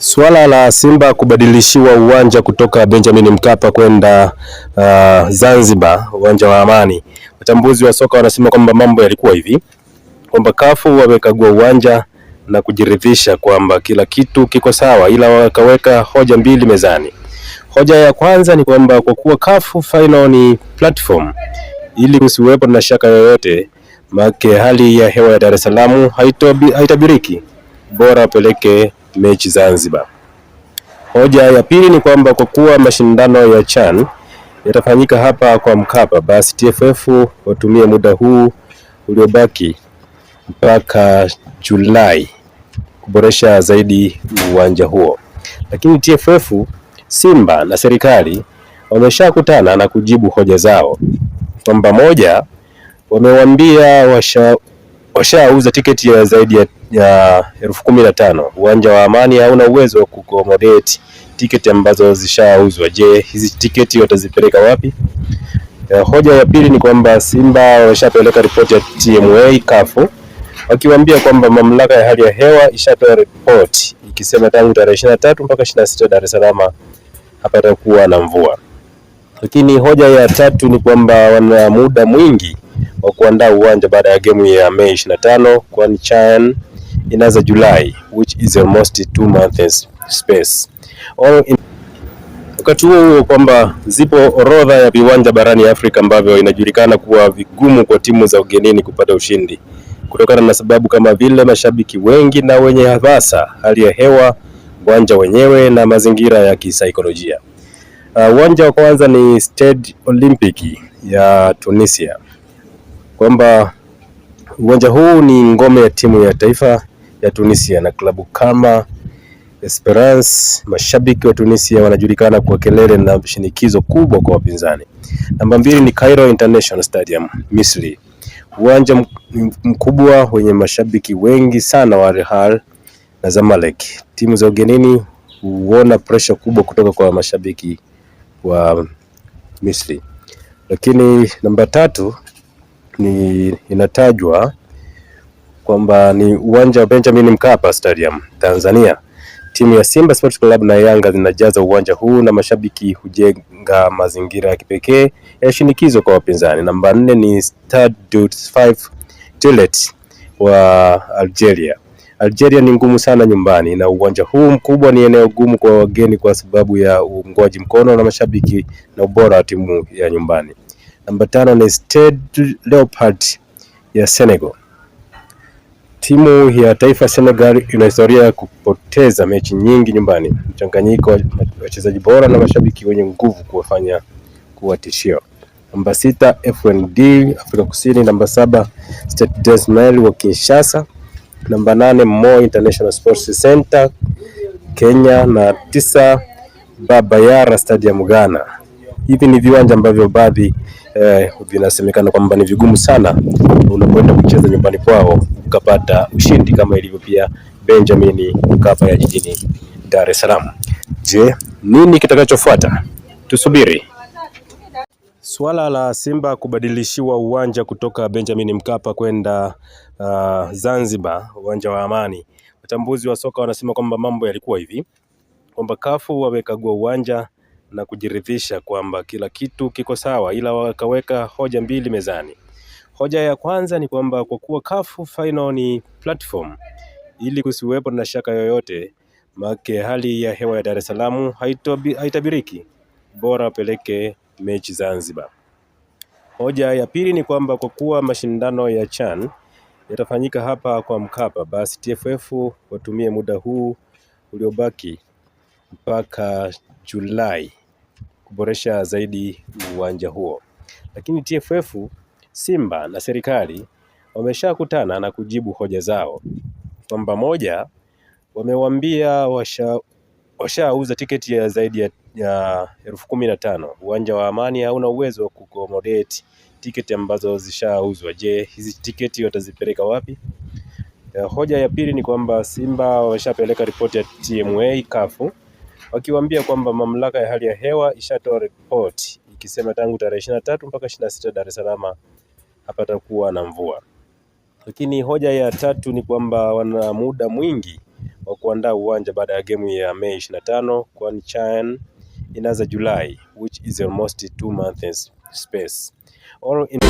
Suala la Simba kubadilishiwa uwanja kutoka Benjamin Mkapa kwenda uh, Zanzibar, uwanja wa Amani, wachambuzi wa soka wanasema kwamba mambo yalikuwa hivi kwamba kafu wamekagua uwanja na kujiridhisha kwamba kila kitu kiko sawa, ila wakaweka hoja mbili mezani. Hoja ya kwanza ni kwamba kwa kuwa kafu final ni platform, ili usiwepo na shaka yoyote, make hali ya hewa ya Dar es Salaam haitabiriki, bora apeleke mechi Zanzibar. Hoja ya pili ni kwamba kwa kuwa mashindano ya CHAN yatafanyika hapa kwa Mkapa, basi TFF watumie muda huu uliobaki mpaka Julai kuboresha zaidi uwanja huo. Lakini TFF, Simba na serikali wameshakutana na kujibu hoja zao kwamba moja, wamewaambia washauza washa tiketi ya zaidi ya ya elfu kumi na tano. Uwanja wa Amani hauna uwezo wa kukomodate tiketi ambazo zishauzwa. Je, hizi tiketi watazipeleka wapi? Ya, hoja ya pili ni kwamba Simba wameshapeleka ripoti ya TMA kafu wakiwaambia kwamba mamlaka ya hali ya hewa ishatoa ripoti ikisema tangu tarehe ishirini na tatu mpaka ishirini na sita Dar es Salaam hapatakuwa na mvua. Lakini hoja ya tatu ni kwamba wana muda mwingi wa kuandaa uwanja baada ya gemu ya Mei ishirini na tano kwani Chan inaanza July which is almost two months space. All in... wakati huo huo kwamba zipo orodha ya viwanja barani Afrika ambavyo inajulikana kuwa vigumu kwa timu za ugenini kupata ushindi kutokana na sababu kama vile mashabiki wengi na wenye hamasa, hali ya hewa, uwanja wenyewe na mazingira ya kisaikolojia. Uh, uwanja uh, wa kwanza ni Stade Olympic ya Tunisia, kwamba uwanja huu ni ngome ya timu ya taifa ya Tunisia na klabu kama Esperance. Mashabiki wa Tunisia wanajulikana kwa kelele na shinikizo kubwa kwa wapinzani. Namba mbili ni Cairo International Stadium, Misri, uwanja mkubwa wenye mashabiki wengi sana wa Al na Zamalek. Timu za ugenini huona presha kubwa kutoka kwa mashabiki wa Misri. Lakini namba tatu ni inatajwa kwamba ni uwanja wa Benjamin Mkapa Stadium Tanzania. Timu ya Simba Sports Club na Yanga zinajaza uwanja huu na mashabiki hujenga mazingira ya kipekee ya shinikizo kwa wapinzani. Namba nne ni Stade 5 Toulet wa Algeria. Algeria ni ngumu sana nyumbani na uwanja huu mkubwa ni eneo gumu kwa wageni kwa sababu ya uungwaji mkono na mashabiki na ubora wa timu ya nyumbani. Namba tano ni Stade Leopard ya Senegal. Timu ya taifa Senegal ina historia ya kupoteza mechi nyingi nyumbani. Mchanganyiko wa wachezaji bora na mashabiki wenye nguvu kuwafanya kuwa tishio. Namba sita FND Afrika Kusini, namba saba Stade des wa Kinshasa, namba nane mo International Sports Center Kenya, na tisa Baba Yara Stadium Ghana. Hivi ni viwanja ambavyo baadhi eh, vinasemekana kwamba ni vigumu sana unapoenda kucheza nyumbani kwao ukapata ushindi kama ilivyo pia Benjamin Mkapa ya jijini Dar es Salaam. Je, nini kitakachofuata? Tusubiri. Suala la Simba kubadilishiwa uwanja kutoka Benjamin Mkapa kwenda uh, Zanzibar, uwanja wa Amani. Watambuzi wa soka wanasema kwamba mambo yalikuwa hivi kwamba kafu wamekagua uwanja na kujiridhisha kwamba kila kitu kiko sawa, ila wakaweka hoja mbili mezani. Hoja ya kwanza ni kwamba kwa kuwa CAF final ni platform, ili kusiwepo na shaka yoyote, make hali ya hewa ya Dar es Salaam haitabiriki, bora wapeleke mechi Zanzibar. Hoja ya pili ni kwamba kwa kuwa mashindano ya CHAN yatafanyika hapa kwa Mkapa, basi TFF watumie muda huu uliobaki mpaka Julai kuboresha zaidi uwanja huo, lakini TFF Simba na serikali wameshakutana na kujibu hoja zao kwamba moja, wamewambia washauza washa tiketi ya zaidi ya elfu kumi na tano. Uwanja wa Amani hauna uwezo wa kukomodate tiketi ambazo zishauzwa. Je, hizi tiketi watazipeleka wapi? Ya hoja ya pili ni kwamba Simba wameshapeleka ripoti ya TMA kafu wakiwaambia kwamba mamlaka ya hali ya hewa ishatoa ripoti ikisema tangu tarehe ishirini na tatu mpaka ishirini na sita Dar es Salaam hapatakuwa na mvua. Lakini hoja ya tatu ni kwamba wana muda mwingi wa kuandaa uwanja baada ya gemu ya Mei 25 kwani CHAN inaanza Julai which is almost two months space. All in